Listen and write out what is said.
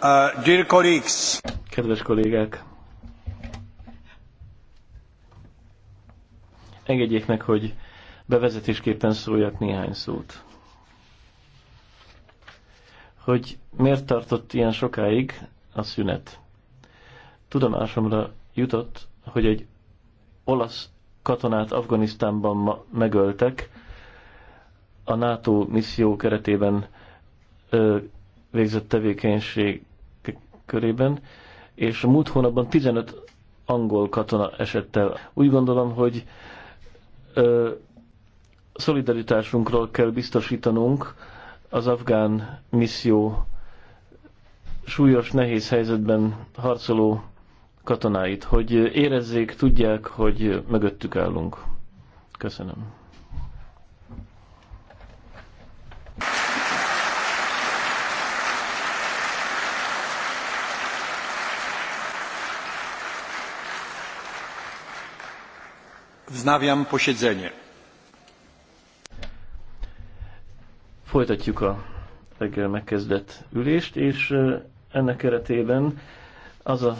Uh, Kedves kollégák! Engedjék meg, hogy bevezetésképpen szóljak néhány szót. Hogy miért tartott ilyen sokáig a szünet? Tudomásomra jutott, hogy egy olasz katonát Afganisztánban ma megöltek, a NATO misszió keretében ö, végzett tevékenység körében, és a múlt hónapban 15 angol katona esett el. Úgy gondolom, hogy ö, szolidaritásunkról kell biztosítanunk az afgán misszió súlyos, nehéz helyzetben harcoló katonáit, hogy érezzék, tudják, hogy mögöttük állunk. Köszönöm. Wznawiam posiedzenie. Folytatjuk a reggel megkezdett ülést, és eh, ennek keretében az a